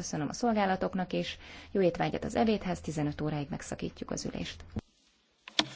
köszönöm a szolgálatoknak is, jó étvágyat az ebédhez, 15 óráig megszakítjuk az ülést.